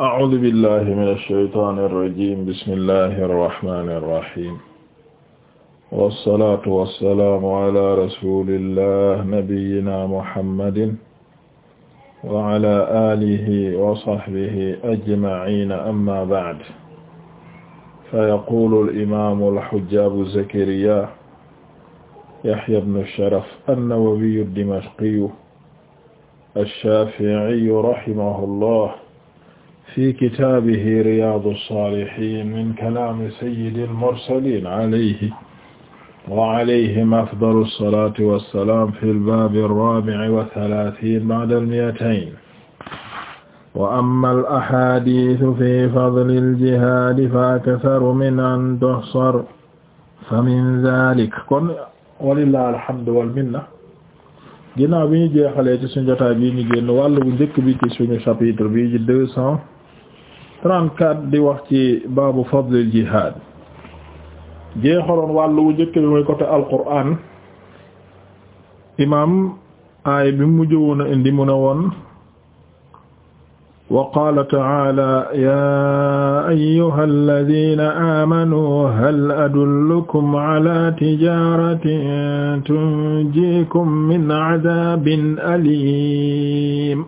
أعوذ بالله من الشيطان الرجيم بسم الله الرحمن الرحيم والصلاة والسلام على رسول الله نبينا محمد وعلى آله وصحبه أجمعين أما بعد فيقول الإمام الحجة أبو زكريا يحيى بن الشرف النووي الدمشقي الشافعي رحمه الله fi kitaabihi riyaadu saalihiin min kalaami sayyidil mursaliin alayhi wa alayhim afdalu salaati wa salaam fil baabi raabi'i wa salaatiin ba'dal mi'atayn. wa ammal ahaadiisu fi fadlil jihaadi fa aksaru min an tuhsar fa min zaalika. kon walillahi alhamdu wal minna. ginnaaw bi ñu jeexalee ci suñu jotaay bi ñu génn wàllu bu njëkk bi ci suñu chapitre bi ci deux cents. 34 di wax ci baabu fadlil jihaad jeexaloon wàllu wu njëkk bi mooy côté Alqur'aan imaam aay bi mu mujjoon a indi mu ne woon wa qaala ta'aala yaa ayyuhal laziina aamanuu hal adullukum alaa tijaaratin tunjiikum min azaabin aliim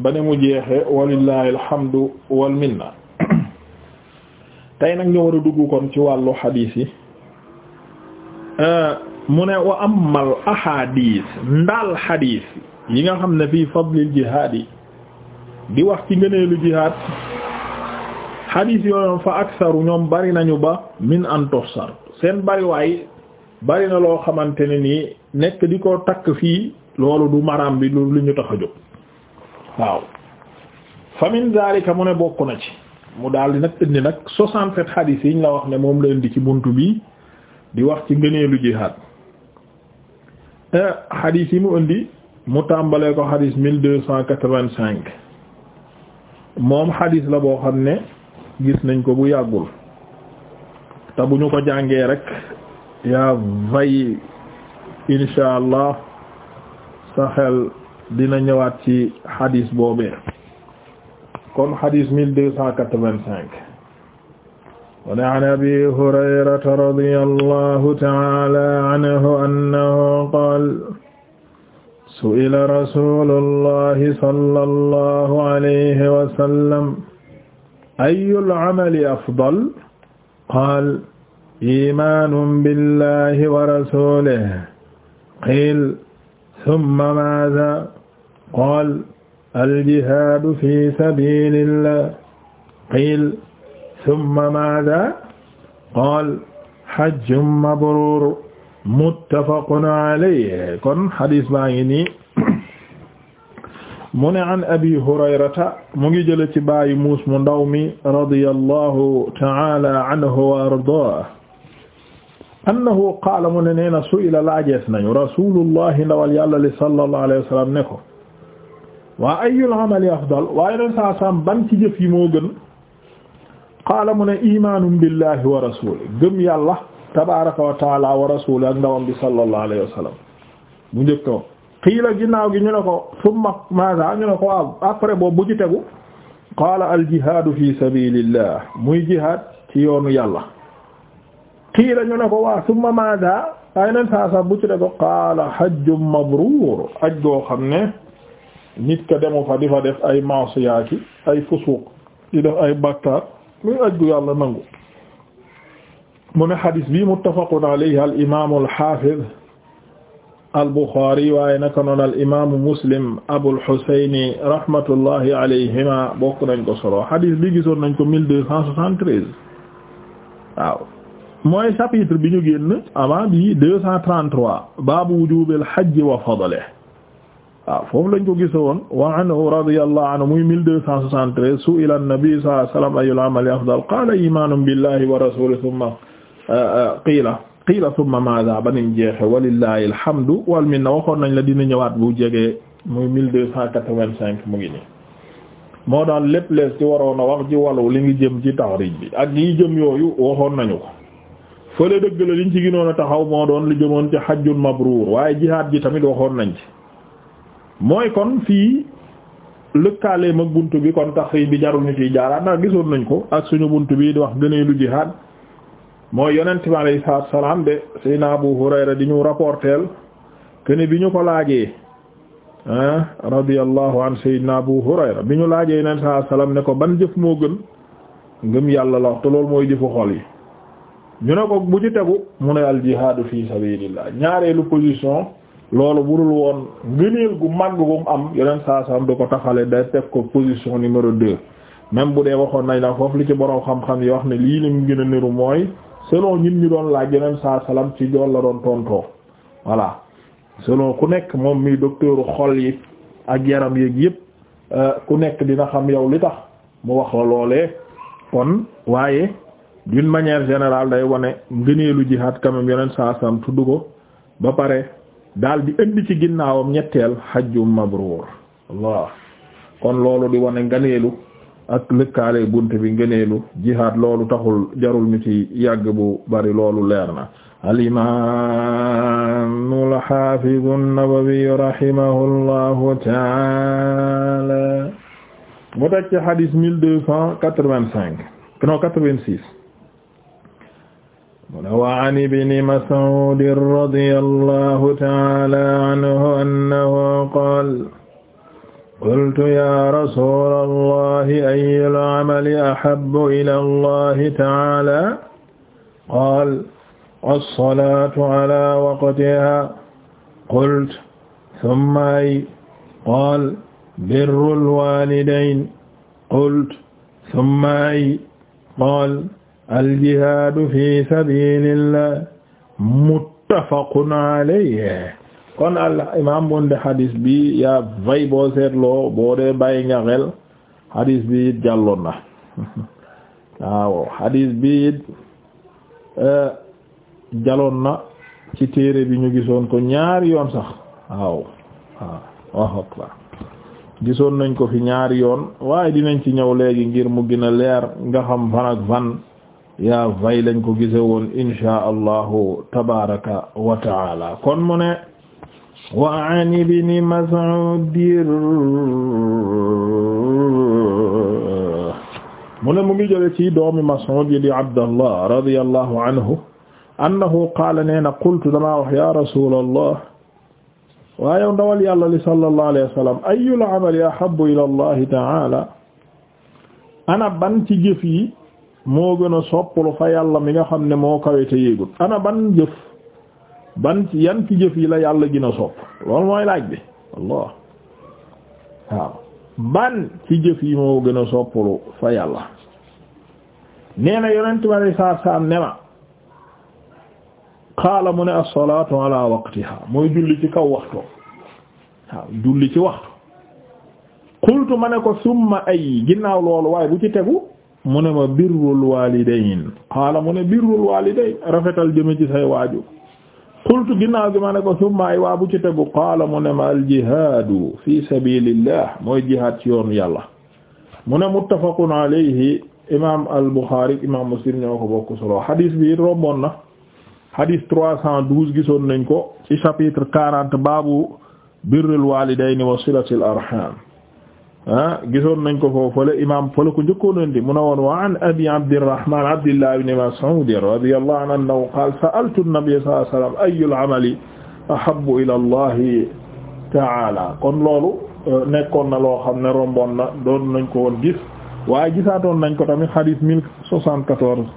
ba ne mu jeexe walillahi alhamdu wal tey nag ñu war a dugg kon ci wàllu xadiis yi mu ne wa amal ahadis ndaal xadiis yi nga xam ne fii fadlil jihaad yi di wax ci ngëneelu jihaad xadiis yooyu fa aksaru ñoom bari nañu ba min an tosar seen bariwaay bari na loo xamante ne nii nekk di ko takk fii loolu du maram bi lu ñu tax a jóg waaw fa min mu ne bokk na ci mu daal di nag indi nag soixante-sept hadith yi ñu la wax ne moom la indi ci buntu bi di wax ci ngëneelu jihaad eh, hadith yi mu indi mu tàmbalee ko hadith mille deux cent quatre-vingt-cinq moom hadith la boo xam ne gis nañ ko bu yàggul te bu ñu ko jàngee rek yaa vay insha allah sa xel dina ñëwaat ci xadis boobee kon xadis mille deux cent quatre-vingt-cinq wa an abi hurayrata radiyallahu ta'ala anhu annahu qaala su'ila rasuulullahi sallallahu alayhi wa sallam ayyul amali afdal qaala iimaanun billahi wa rasuulihi qiila summa maada qaal aljihaadu fi sabilillah qiil summa maada qaal hajjun mabruur muttafaqun alayhi kon hadis baa ngi nii mu ne an abi hurayrata mu ngi jële ci baayu muus mu ndaw mi radiyallahu ta'ala anhu wa ardaahu annahu qaala mu ne nee na su'ila laajees nañu rasulullahi ndawal yàlla li sallallahu alayhi wa sallam ne ko waa ayul amali afdal waaye leen saa saam ban ci jëf yi moo gën qaala mu ne imaanum billahi wa rasuli gëm yàlla tabaraka wa taala wa rasuli ak ndawam bi sallallahu alayhi wa sallam bu njëkk ko xiila ginnaaw gi ñu ne ko summa maasa ñu ne ko waaw après boobu bu ci tegu qaala al jihaadu fi sabilillah muy jihaad ci yoonu yàlla kii la ñu ne ko waa summa maada waaye neen saa saa bu ci ne ko qaala hajjun mabruur aj goo xam ne nit ka demu fa di fa def ay maasiyaati ay fusuuq di def ay bakkaar muy aj gu yàlla nangu mu ne xadis bi muttafaqun alayhi al imaamu al xaafiz al buxaari waaye naka noonu al imaamu muslim abul xusayni rahmatullahi alayhima bokk nañ ko solo xadis bi gisoon nañ ko mille deux cent soixante-treize waaw. mooy chapitre bi ñu génn avant bi deux cent trente-trois baabu wujubil hajji wa fadlihi waaw foofu lañ ko gisa woon wa anhu radiyallahu anhu muy mille deux cent soixante-treize su'ila an-nabi sallallahu alayhi wasallam ayyul amali afdal qala imanun billahi wa rasulihi thumma uh, uh, qiila qiila thumma madha banim jeexe walillahi alhamdu wal minna waxoon nañ la dina ñëwaat bu jege muy mille deux cent quatre-vingt-cinq mu ngi nii moo daan lépp lees ci waroon a wax ci wàllu li ngi jëm ci taxrij bi ak yi jëm yooyu waxoon nañu ko fële dëgg la liñ ci gënoon taxaw moo doon li jëmoon ci xajjul mabruur waaye jihaad ji tamit waxoon nañ ci mooy kon fii lëkkaale mag bunt bi kon tax bi jaruñu ciy jaaraat a gisoon nañ ko ak suñu bunt bi di wax gënee lu jihaad mooy yonent bi alayhi salaatu salaam de Seydina Abu Hurayra di ñu rapporteel kene bi ñu ko laajee ah radiyallahu an Seydina Abu Hurayra bi ñu laajee yonent salaam ne ko ban jëf moo gën ngëm yàlla la wax te loolu mooy yi ñu ne ko bu ci tegu mu ne al jihaadu fi sabilillah ñaareelu position loolu budul woon ngëneel gu màgg gu mu am yeneen saa saa du ko taxale day teg ko position numéro deux même bu dee waxoon nañ la foofu li ci borom xam-xam yi wax ne lii li mu gën a niru mooy selon ñun ñu doon laaj yeneen saa salam ci jool la doon tontoo voilà selon ku nekk moom mi docteur xol yi ak yaram yéeg yëpp euh, ku nekk dina xam yow li tax mu wax la loolee kon waaye. d'une manière général day wone ngëneelu jihaad quand même yeneen tudd ko ba pare daal di indi ci ginnaawam ñetteel hajjum mabruur waaw kon loolu di wone ngëneelu ak lëkkaale bunt bi ngëneelu jihaad loolu taxul jarul ñu ci yàgg bu bari loolu leer na al imaamul haafizu an-Nawawi rahimahullahu taala mu teg ci hadis mille deux cent quatre-vingt-cinq non quatre-vingt-six mun wa an ibni Mas'ud radiyallahu ta'ala anhu annahu qaala qultu ya rasulallahi ayyul amali ahabbu ila Allahi ta'ala qaala as-salaatu ala waqtiha qultu thumma ay qaala birrul waalidayn qultu thumma ay qaala aljihaadu fi sabilillah muttafaqun alayhi kon al imam bonde hadis bi yaa vay boo seetloo boo dee bàyyi nga xel hadis bi it jàlloon na waaw hadis bi it euh, jàlloon na ci téere bi ñu gisoon ko ñaari yoon sax waaw waaw waaw gisoon nañ ko fi ñaari yoon waaye dinañ ci ñëw léegi ngir mu gën a leer nga xam fan fan yaa vay lañ ko gise woon inshaa allahu tabaraka wa taala kon mu ne wa an ibni Mas'ud mu ne mu ngi jële ci doomi Mas'ud yi di Abdallah radiyallahu anhu annahu qaala nee na qultu damaa wax ya rasulallah waa yow ndawal yàlla li sallallahu alayhi wa sallam ayyul amali ahabbu ila allahi taala ana ban ci jëf yi moo gën a soppalu fa yàlla mi nga xam ne moo kawe te yéegul ana ban jëf ban ci yan ci jëf yi la yàlla gën a sopp loolu mooy laaj bi allah waaw ban ci jëf yi moo gën a soppalu fa yàlla nee na yonent ma ne ne ma xaala mu ne as-salaatu ala waqtiha mooy julli ci kaw waxtu waaw julli ci waxtu qultu ma ne ko summa ay ginnaaw loolu waaye bu ci tegu mu ne ma birrul walidayn xaala mu ne birrul walidayn rafetal jëme ci say waaju qultu ginnaaw gi ma ne ko summa ay bu ci tegu qaala mu ne ma al jihaadu fi sabilillah mooy jihaad ci yoonu yàlla mu ne muttafaqun alayhi imaam al buxaari imaam muslim ñoo ko bokk solo hadis bi romboon na hadis trois cent douze gisoon nañ ko ci chapitre quarante baabu birrul walidayn wa silatil arham Ah gisoon nañ ko foofu fële imaam fële ko njëkkoon andi mu ne woon wa an abi abdirrahman abdillah ibn mas'ud radiyallahu anhu qaala sa'altu an-nabiy sallallahu alayhi wa sallam ayyul amali ahabbu ila allah ta'ala kon loolu euh, nekkoon na loo xam ne romboon na doon nañ ko woon gis waaye gisaatoon nañ ko tamit hadith mille soixante-quatorze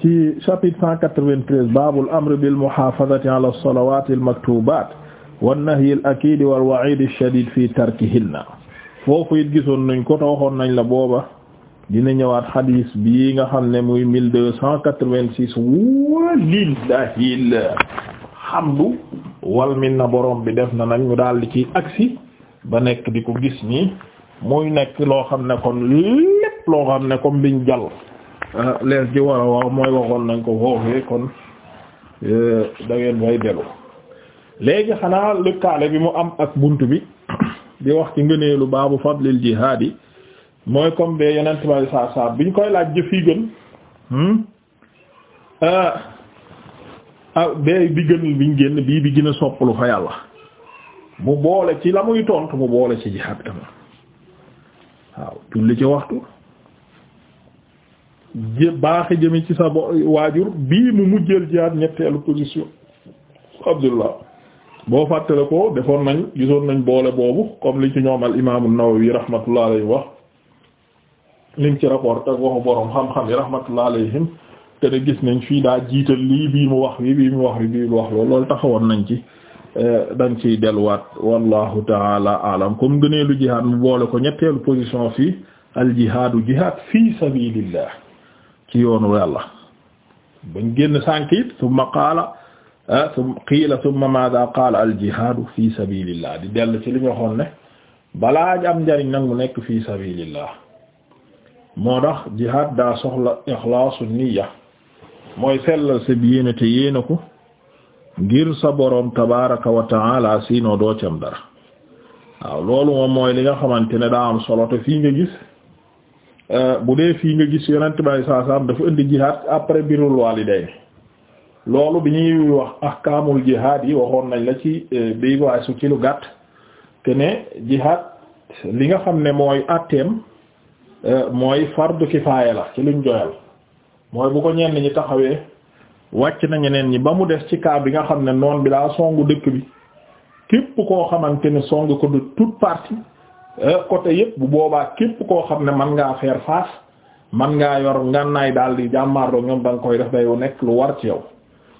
ci chapitre cent quatre-vingt-treize baabul amri bil muhaafazati ala as-salawaati al-maktuubaat wannahyi al akiid wal wa'iid al shadiid fi tarkihinna foofu it gisoon nañ ko te waxoon nañ la booba dina ñëwaat xadiis bii nga xam ne muy mille deux cent quatre-vingt-six walillaahil hamdu wal minna borom bi def na nag mu daal di ci agsi ba nekk di ko gis nii muy nekk loo xam ne kon lépp loo xam ne comme biñ jal ah, lees ji war a wax mooy waxoon nañ ko foofee kon eh, da ngeen delu léegi xanaa kaale bi mu am ak bunt bi di wax ci ngëneelu baabu fadlil jihaad yi mooy comme bee yonent bay saab saab bi ñu koy laaj jëf yi gën bee hmm? ah, ah, bi gën biñ génn bii bi gën a soppalu fa yàlla mu boole ci la muy tontu mu boole ci jihaad kam waaw tulli ci waxtu jë baaxi jëmi ci sa waajur bii mu mujjeel jihaad ñetteelu position Abdullah boo fàttale ko defoon nañ gisoon nañ boole boobu comme li ci ñoom al imaamu Nawawi rahmatullah alayhi wax lim ci rapport ak waxu borom xam-xam yi rahmatullah alayhim te ne gis nañ fii daa jiital lii bii mu wax bii bii mu wax bii mu wax loolu loolu taxawoon nañ ci eh, dañ ciy delluwaat wallahu taala alam comme gënee lu jihaad mu boole ko ñetteelu position fii al jihaadu jihaad fi sabilillah ci yoonu yàlla bañ génn sànk it qaala Ah, sum qiila summa maada qaala al jihaadu fi sabilillah di dell ci li ñu ne balaa am njariñ nag mu nekk fi sabilillah moo tax jihaad daa soxla ixlaasu niyya mooy sellal sa yéene te yéene ko ngir sa boroom tabaaraka wa ta'ala siinoo doo dara waaw loolu moom mooy li nga xamante ne daa am solo fii nga gis eh, bu dee fii nga gis yonent bi sallallahu alayhi dafa indi jihaad après birrul waalidayni loolu bi ñuy wax ahkaamul jihaad yi waxoon nañ la ci eh, bii waaye su ci lu gàtt que ne li nga xam ne mooy atteem eh, mooy fardu kifaaya la ci luñ joyal mooy bu ko ñenn ñi taxawee wàcc na ñeneen ñi ba mu des ci cas bi nga xam ne noon bi daa songu dëkk bi képp koo xamante ne song ko de toute partie eh, côté yépp bu boobaa képp koo xam ne man ngaa faire face man ngaa yor ngànnaay daal di jàmmaarloo ñoom da koy def day nekk lu war ci yow.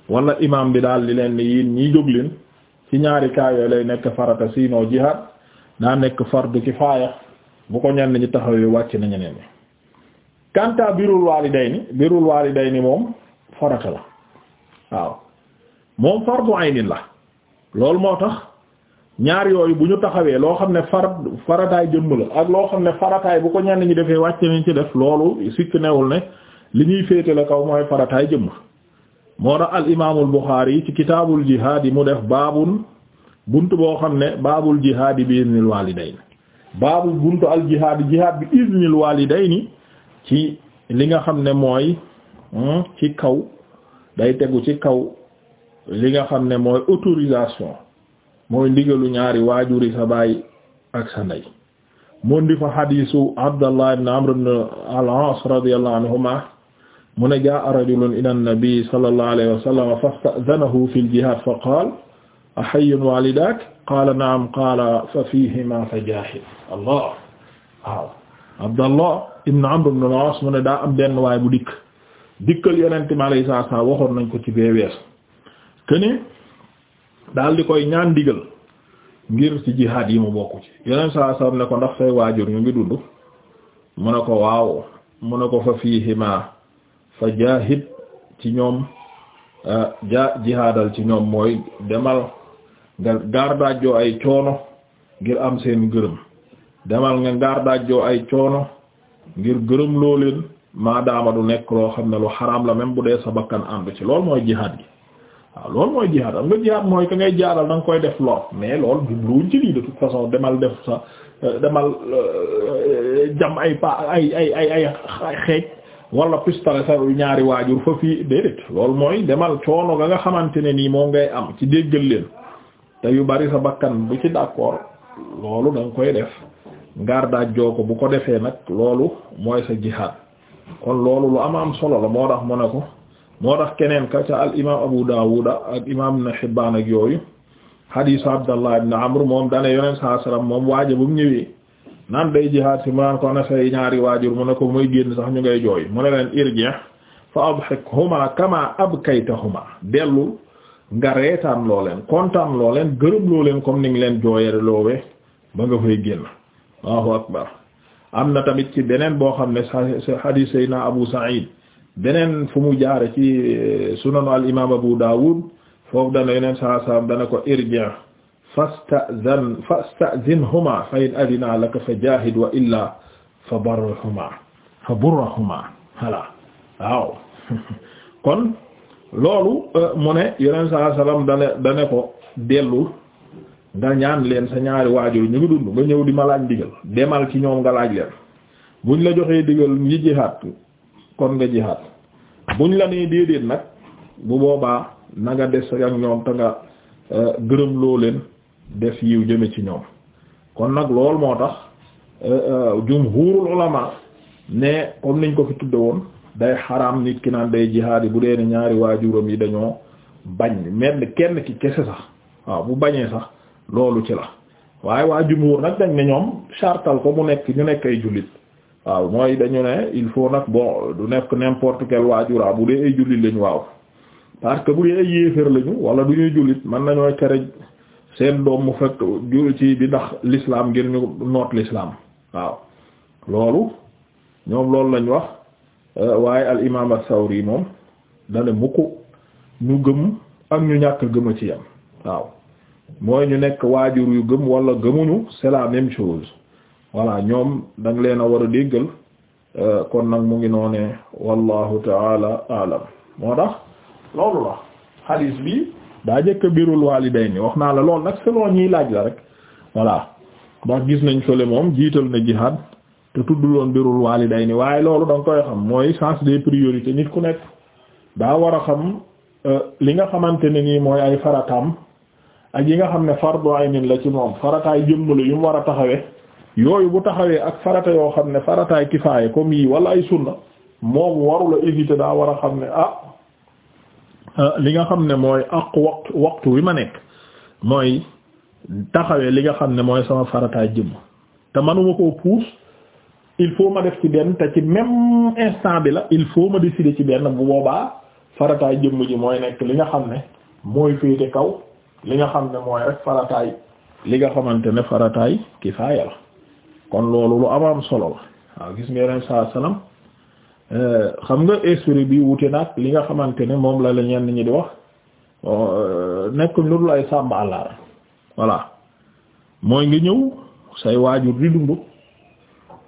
wala imam bi daal di leen ni yéen ñii jóg leen ci ñaari kaayoo lay nekk farata siinoo jihaad daa nekk ki kifaaya bu ko ñenn ñi taxawee wàcc na ñeneen ñi kanta birul waalidayni birul ni moom farata la waaw moom fardu aynin la loolu moo tax ñaar yooyu bu ñu taxawee loo xam ne farat farataay jëmm la ak loo xam ne farataay bu ko ñenn ñi defee wàcc nañ ci def loolu sikk newul ne li ñuy féete la kaw mooy farataay jëmm moo tax al imaamul Buxaari ci kitaabul jihaad yi mu def baabun buntu boo xam ne baabul jihaad bi iznil waalidayni baabu buntu al jihaad jihaad bi iznil waalidayni ci li nga xam ne mooy hmm, ci kaw day tegu ci kaw li nga xam ne mooy autorisation mooy ndigalu ñaari waajuri sa baay ak sa ndey mu ndi fa xadiisu Abdallah ibn Amr ibn al-As anhuma mune ne jaa rajulun ila annabi sallallahu alayhi wa fi al-jihad fa qaala walidaak qaala na'am qaala fa fiihimaa fajaahid allah waaw Abdallah ibn Amr ibn al-As daa am benn waay bu dikk dikkal Yonent mi alayhi salaatu wa waxoon nañ ko ci bee wees këne daal di koy ñaan digal ngir ci jihaad yi mu bokk ci Yonent salaatu wa salaam ne ko ndax say waajur ñu ngi dund mu ko waaw mu ko fa fiihimaa fa jaahid ci ñoom ja jihaadal ci ñoom mooy demal nga gaar daajoo ay coono ngir am seen gërëm demal nga gaar daajoo ay coono ngir gërëm loo leen du nekk loo xam ne lu xaraam la même bu dee sa bakkan ànd ci lool mooy jihaad gi waaw mooy jihaad am nga jihaad mooy ka ngay jaadal da koy def lor mais loolu jubluwuñ ci de toute façon demal def sa demal euh, jam ay pa ay ay ay ay wala pistolet sa ñaari waajur fa fii déedéet loolu mooy demal coono ga nga xamante ne nii moo ngay am ci déggal leen te yu bari sa bakkan bu ci d'accord loolu da nga koy def ngaar daaj jooko ko bu ko defee nag loolu mooy sa jihaad kon loolu lu am am solo la moo tax mu ne ko moo tax keneen ka ca al imaam Abu Dawud ak imaam Ibn Hibbaan ak yooyu hadiisu Abdallah ibn Amr moom dane yoneen saa salaam moom waaja bu mu naan day jihaad si mu naan ko na say ñaari waajur mu ne ko muy génn sax ñu ngay jooy mu ne leen irji fa adhikhuma kama abkaytahuma dellu nga reetaan loo leen kontaan loo leen gërëm loo leen comme ni nga leen jooyee loowe ba nga fay génn Allahu akbar am na tamit ci beneen boo xam ne sa hadith sayna Abu Sa'id beneen fu mu jaare ci eh, sunanu al imaam Abu Dawud foofu dana yeneen saa saa dana ko irji fasta'zin fasta'zinhuma fa in adina laka fa jaahid wa illaa fa barhuma fa burhuma voilà waaw kon loolu euh, mu ne yeneen saa salaam dane dane ko dellul nga ñaan leen sa ñaari waajur ñu ngi dund nga ñëw di ma laaj digal demal ci ñoom nga laaj leen buñ la joxee digal ngi jihaat kon nga jihaat buñ la nee déedéet nag bu boobaa na nga des ak ñoom te nga euh, gërëm loo leen. def yiw jëme ci ñoom kon nag loolu moo tax euh, euh, jumhurul ulama ne comme niñ ko fi tudde woon day xaraam nit ki naan day jihaad yi bu dee ne ñaari waajuram yi dañoo bañ mel kenn ki kese sax waaw bu bañee sax loolu ci la waaye waa jumhur nag dañ ne ñoom chartal ko mu nekk ñu nekk ay jullit waaw mooy dañu ne il faut nag boo du nekk n'importe quel waajura bu dee ay jullit lañ waaw parce que bu dee ay yéeféer lañu wala du ñuy jullit mën nañoo tere seen doom mu fekk jur ci bi ndax l'islam ngir ñu noot l'islam waaw loolu ñoom loolu lañ wax euh, waaye al imaam as-Sawri moom dane mukk ñu gëm ak ñu ñàkk gëma ci yam waaw mooy ñu nekk waajur yu gëm walla gëmuñu c'est la même chose voilà ñoom da leen a war a déggal euh, kon nag mu ngi noonee wallahu taala alam moo tax loolu la hadis bi daa jëkk birul ni wax naa la lool nag selon ñiy laaj la rek voilà ndax gis nañ fële moom jiital na jihaad te tudduloon birul ni waaye loolu da nga koy xam mooy sens des priorités nit ku nekk daa war a xam euh, li nga xamante ne nii mooy ay farataam ak yi nga xam ne fardu aynin la ci moom farataay jëmm la yu mu war a taxawe yooyu bu taxawee ak farata yoo xam ne farataay kifaaya comme yii wala ay sunna moom warula éviter daa war a xam ne ah, Euh, li nga xam ne mooy ak waxtu waxtu wi ma nekk mooy taxawee li nga xam ne mooy sama farataay jëmm te manuma koo puus il faut ma def ci benn te ci même instant bi la il faut ma décider ci benn bu boobaa farataay jëmm ji mooy nekk li nga xam ne mooy féete kaw li nga xam ne mooy rek farataay li nga xamante ne farataay kifaaya la kon loolu lu am am solo la waaw gis nga yeneen saa salaam Euh, xam nga esprit bi wute nag li nga xamante ne moom la la ñenn ñi di wax euh, nekkuñ lu dul ay sàmba àllar voilà mooy nga ñëw say waajur di dund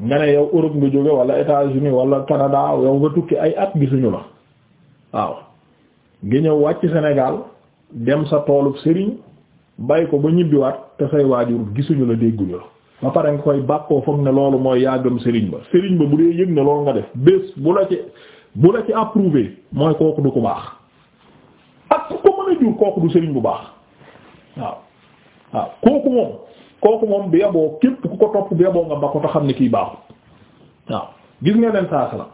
nga ne yow Europe nga jóge wala États-Unis wala Canada yow nga tukki ay at gisuñu la waaw nga ñëw wàcc Sénégal dem sa toolu sëriñ bay ko ba ñibbiwaat te say waajur gisuñu la dégguñu la ba pare nga koy bàkkoo foog ne loolu mooy yàggam sëriñ ba sëriñ ba bu dee yëg ne loolu nga def bés bu la ci bu la ci approuvé mooy kooku du ko baax ak ku ko mën a jur kooku du sëriñ bu baax waaw waaw kooku moom kooku moom bi yaboo képp ku ko topp bi yaboo nga ba ko te xam ne kii baaxul waaw gis nga leen saa salaam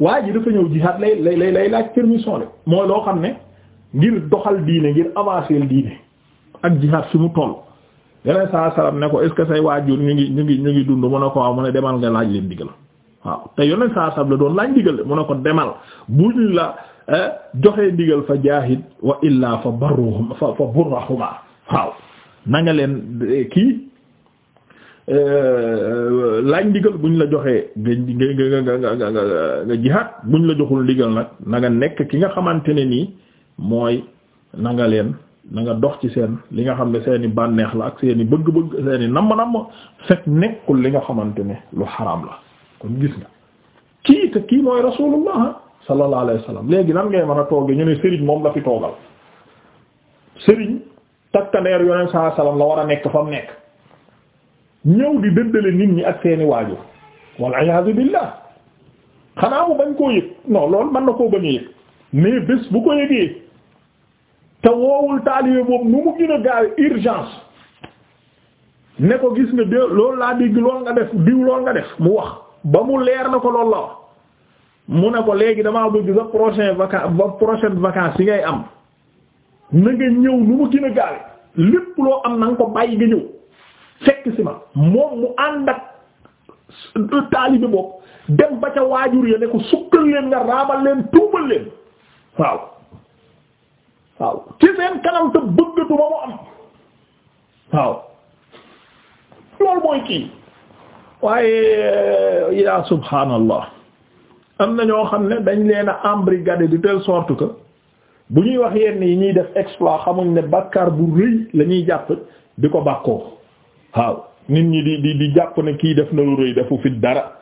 waa ji dafa ñëw jihaad lay lay laaj permission le mooy loo xam ne ngir doxal diine ngir avancer diine ak jihaad fi mu toll. yeneen saa salaam ne ko est ce que say waajur ñu ngi ñu ngi dund mu ne ko waaw mu ne demal nga laaj leen digal waaw te yeneen saa la doon laaj digal mu ne ko demal buñ la eh, joxee digal fa jaahid wa illaa fa barruhum nga leen eh, kii eh, laaj buñ la joxee nga nga nga nga jihaad buñ la joxul ndigal nag na nga nekk ki nga xamante ne nii mooy na nga leen. na nga dox ci seen li nga xam ne seeni i bànneex la ak seen bëgg-bëgg seen i namm fekk nekkul li nga xamante ne lu xaraam la kon gis nga kii te kii mooy rasulullah sallallahu alayhi wasallam léegi nan ngay mën a toogee ñu ne Serigne moom la fi toogal Serigne takkandeer yoneen saa salaam la war a nekk fa nekk ñëw di dëddale nit ñi ak seen i waajur wal iyaazu billah xanaa mu bañ koo yëg non loolu mën na koo bañ yëg mais bés bu ko yëgee. te woowul taalibe boobu nu mu gën a urgence ne ko gis nga de loolu laa dégg lool nga def diw lool nga def mu wax ba mu leer na ko loolu la wax mu ne ko léegi damaa bëgg sa prochain vaca ba prochaine vacances yi ngay am na nga ñëw nu mu gën a lépp loo am na nga ko bàyyi nga ñëw fekk si ma moom mu ànd ak taalibe boobu dem ba ca waajur ya ne ko sukkal leen nga raabal leen tuumal leen waaw waaw ci seen kanam te bëggatuma mu am waaw loolu mooy kii waaye yaa subhaanallah am na ñoo xam ne dañ leen a embrigadé de telle sorte que bu ñuy wax yenn yi ñuy def exploit xamuñ ne bàkkaar bu rëy la jàpp di ko bàkkoo waaw nit ñi di di di jàpp ne kii def na lu rëy defu fi dara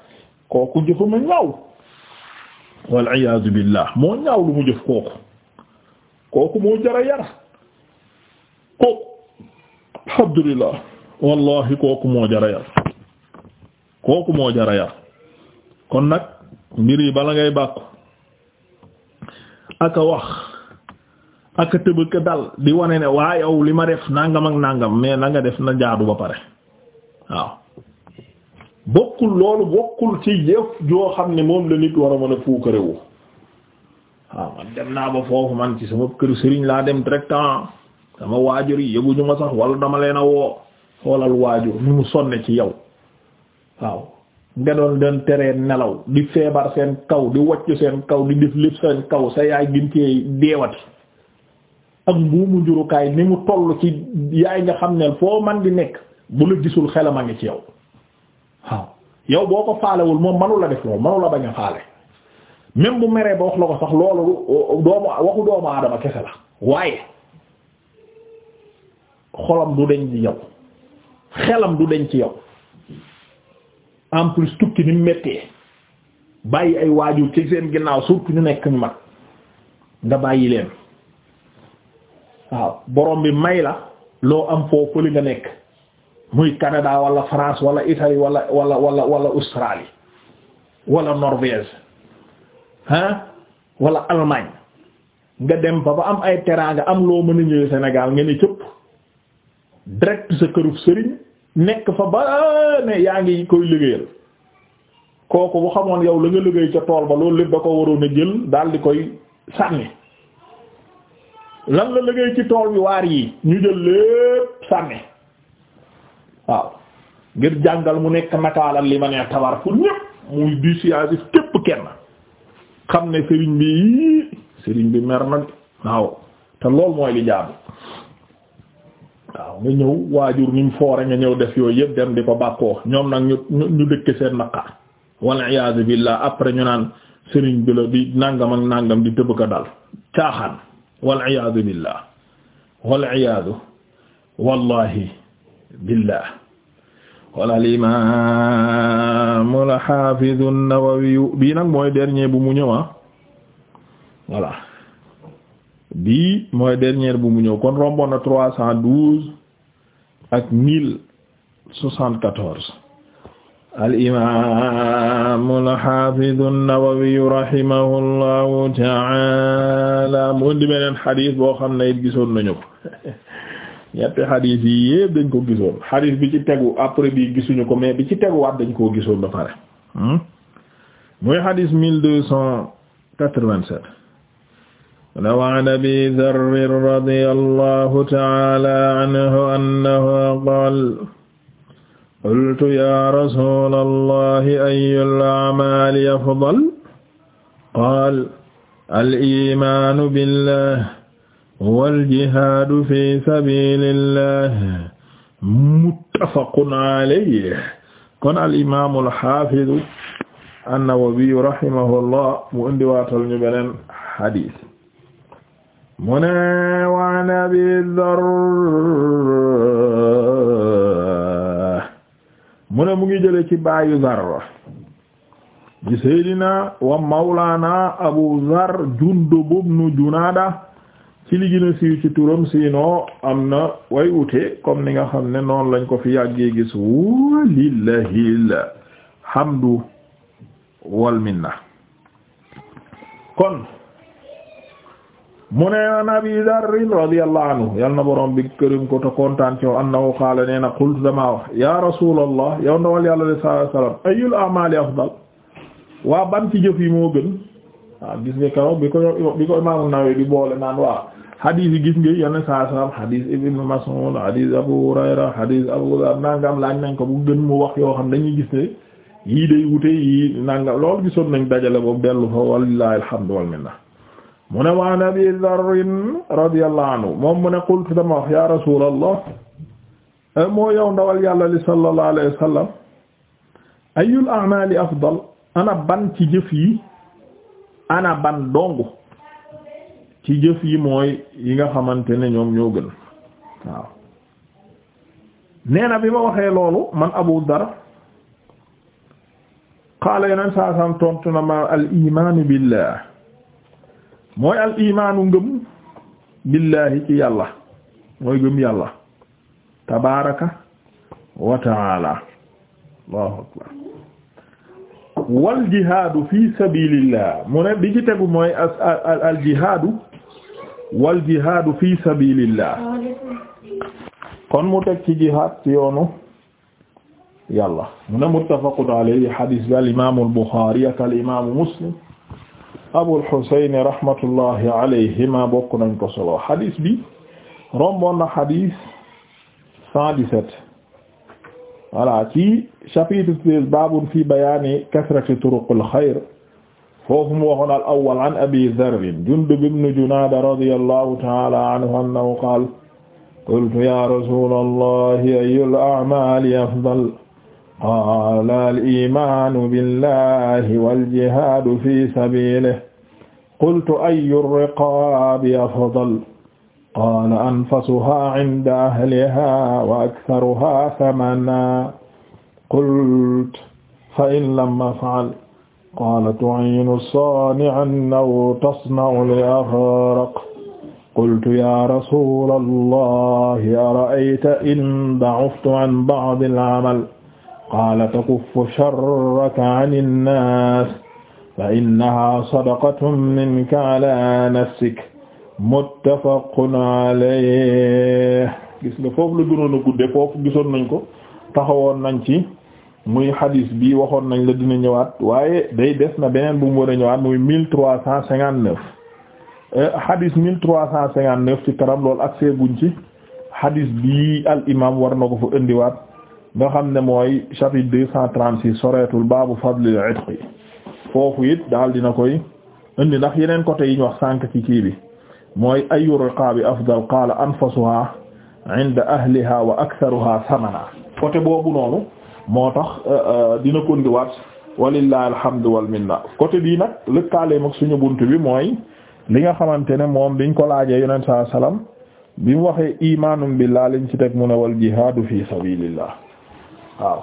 kooku jëfuma ñaaw wal iyaazu billah moo ñaw lu mu jëf kooku kooku moo jara yar kooku alhamdulillah wallahi kooku moo jara yar kooku moo jara yar kon nag mbir yi bala ngay bàkku aka wax aka tëbëk dal di wane ne waa yow li ma def nangam ak nangam mais nanga def na jaadu ba pare waaw bokkul loolu bokkul ci yëf joo xam ne moom la nit war a mën a fuukarewu waaw man dem naa ba foofu man ci sama kër sëriñ laa dem directement sama waajur yi yëguñu ma sax wala dama leen a woo xoolal waajur ni mu sonne ci yow waaw ngelaw doon tere nelaw di feebar seen kaw di wacc seen kaw di def lépp seen kaw sa yaay gintee deewati ak mbuumu njurukaay ni mu toll ci yaay nga xam ne foo man di nekk bu la gisul xelam a ngi ci yow waaw yow boo ko faalewul moom manu la def loolu manu la bañ a faale même bu meree ba wax la ko sax loolu doomu waxu doomu aadama kese la waaye xolam du deñ ci yow xelam du deñ ci yow en plus tukki ni méttee bàyyi ay waaju ci seen ginnaaw surtout ñu nekk ñu mag nga bàyyi leen waaw borom bi may la loo am foofu li nga nekk muy Canada wala France wala Italie wala wala wala wala Australie wala Norvège ah wala Allemagne nga dem ba ba am ay teraanga am loo mën a ñëwee Sénégal nga ne cëpp direct sa kërub sëriñ nekk fa ba ne yaa ngi koy liggéeyal kooku bu xamoon yow la nga liggéey ca tool ba loolu lépp da ko waroon a jël daal di koy sànni lan la liggéey ci tool bi waar yi ñu jël lépp sànni waaw ngir jàngal mu nekk nakaalal li ma nee tabar pour ñëpp muy dissuasif képp kenn xam ne sëriñ bi sëriñ bi mer na bi waaw te lool mooy li jaabu waaw nga ñëw waajur ni mu foore nga ñëw def yooyu yëpp dem di ko bàkkoo ñoom nag ñu ñu dëkk seen naqar walla iyaazu billaah après ñu naan sëriñ bi la di nàngam ak nàngam di tëbëk a dal caaxaan walla iyaazu billaah walla iyaazu wallahi billaah qaala al imaam al haafiz an nag mooy dernier bu mu ñëw ah voilà bii mooy dernier bu mu ñëw kon romboon trois cent douze ak mille soixante quatorze al imaam al haafiz an-Nawawi ta'ala mu indi beneen xadiis boo xam ne it gisoon nañu ko ñetti xadiis yi yépp ko gisoon xadiis bi ci tegu après bi gisuñu ko mais bi ci teguwaat dañ koo gisoon ba pare hmm? muy xadiis mille deux cent quatre-vingt-sept wa an Abi Dharr radiyallahu ta'ala anhu annahu qaala qultu ya rasulallahi ayyul a'maali afdal qaala al-iimaanu billah wal jihaadu fi sabilillah muttafaqun alayhi kon al imaam al haafidu an-Nawawi rahimahullah mu indiwaatal ñu beneen hadis mu ne wa an Abi Dharr mu ne mu ngi jële ci baayu Dharr di Seydina wa Mawlaana Abu Dharr Jundub ibn Junaada ci li gën a siiw ci turam sinon am na way wute comme ni nga xam ne noon lañ ko fi yàggee gis walillahil hamdu wal minna kon mu ne an abi darrin radiyallahu anhu na borom bi kërim ko te kontaan ci annahu qaala nee na qultu damaa wax ya rasulallah yow ndawal yàlla alayhi salaam ayyul a'maali afdal waa ban ci jëf yi moo gën waaw gis nga kaw bi ko bi ko imaamu di boole naan waa hadith yi gis nga yenn saa saam hadith Ibn Mas'ud hadith Abu Hurayra hadith Abu Dharr nangam laaj nañ ko bu gën mu wax yoo xam dañuy gis ne yii day wute yii nangam loolu gisoon nañ dajale boobu dellu fa walillahi alhamdu wal mu ne waan Abi Dharr radiyallahu anhu moom mu ne qultu dama wax ya rasulallah eh, moo yow ndawal yàlla li sallallahu alayhi wa sallam ayul afdal ana ban ci jëf yi ana ban dongu ci jëf yi mooy yi nga xamante ne ñoom ñoo gën waaw nee bi ma waxee loolu man Abu Dar qaala yeneen saa sam tontu na ma al imaanu mooy al ngëm billahi ci yàlla mooy gëm yàlla tabaraka wa taala allahu fi sabilillah mu ne bi ci tegu mooy al wal jihaadu fi sabilillah kon mu teg ci jihaad ci yoonu yàlla mu ne muttafaqun alayhi hadis bi al imaamu al buxaari ak al imaamu muslim abul xusayn rahmatullahi alayhima bokk nañ ko solo hadis bi romboon na hadis 117 voilà ci chapitre 13 baabun fi bayaani kasrati turuqil xayr foofu mu waxoon al awwal an abi dharrin jundub ibn junaada radiyallahu ta'ala anhu annahu qaala qultu ya rasulallahi ayyul a'maali afdal qaala al iimaanu billahi wal jihaadu fi sabiilihi qultu ayyu riqaabi afdal qaala anfasuhaa inda ahlihaa wa aktharuhaa thamanan qultu fa in lam af'al qaala tu'inu saani'an aw tasna'u li aghraq qultu yaa rasuula allahi ara'ayta in da'uftu an ba'di al-amal qaala takuffu sharraka 'ani an-naas fa innahaa sadaqatun minka 'alaa nafsik muttafaqun 'alayhi gis nga foofu la gënoon a guddee foofu gisoon nañ ko taxawoon nañ ci muy hadis bi waxoon nañ la dina ñëwaat waaye day des na beneen bu mu war a ñëwaat muy mille trois cent cinquante neuf hadis eh, mille trois cent cinquante neuf ci karam loolu ak seeguñ ci hadis bi al imam war na ko fa indiwaat nga xam ne mooy chapitre deux cent trente six soreetul baabu fadlil itqi foofu it daal dina koy indi ndax yeneen côté yi ñu wax sànq ci kii bi mooy ayu riqaabi afdal qaala anfasuha inda ahliha wa aktharuha samana côté boobu noonu moo tax euh, euh, dina ko ndiwaat walillahi alhamdu wal minna côté bii nag lëkkaaleem ak suñu bunt bi mooy li nga xamante ne moom biñ ko laajee yonent sa salaam bi mu waxee imaanum billah liñ ci teg mu wal jihaadu fi sabilillah waaw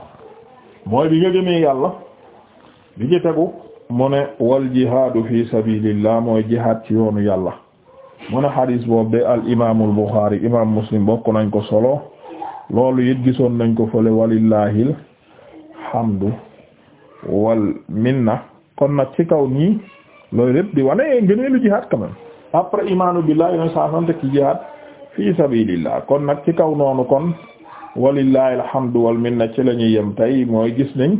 mooy bi nga gëmee yàlla bi ci tegu mu ne wal jihaadu fi sabilillah mooy jihaad ci yoonu yàlla mu ne xadiis boobu de al imaamul buxaari imaam muslim bokk nañ ko solo loolu it gisoon nañ ko fële walillahil hamdu wal minna kon nag ci kaw nii loolu lépp di wane ngëneelu jihaad quand même après imaanu billah yooyu saa sant ci jihaad fi sabilillah kon nag ci kaw noonu kon walillahi alhamdu wal minna ci la ñuy yem tey mooy gis nañ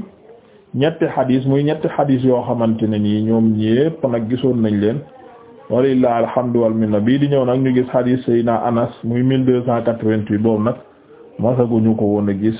ñetti xadis muy ñetti xadis yoo xamante ne nii ñoom ñépp nag gisoon nañ leen walillahi alhamdu wal minna bii di ñëw nag ñu gis xadis Seydina Anas muy 1288 boobu nag masaguñu ko woon a gis.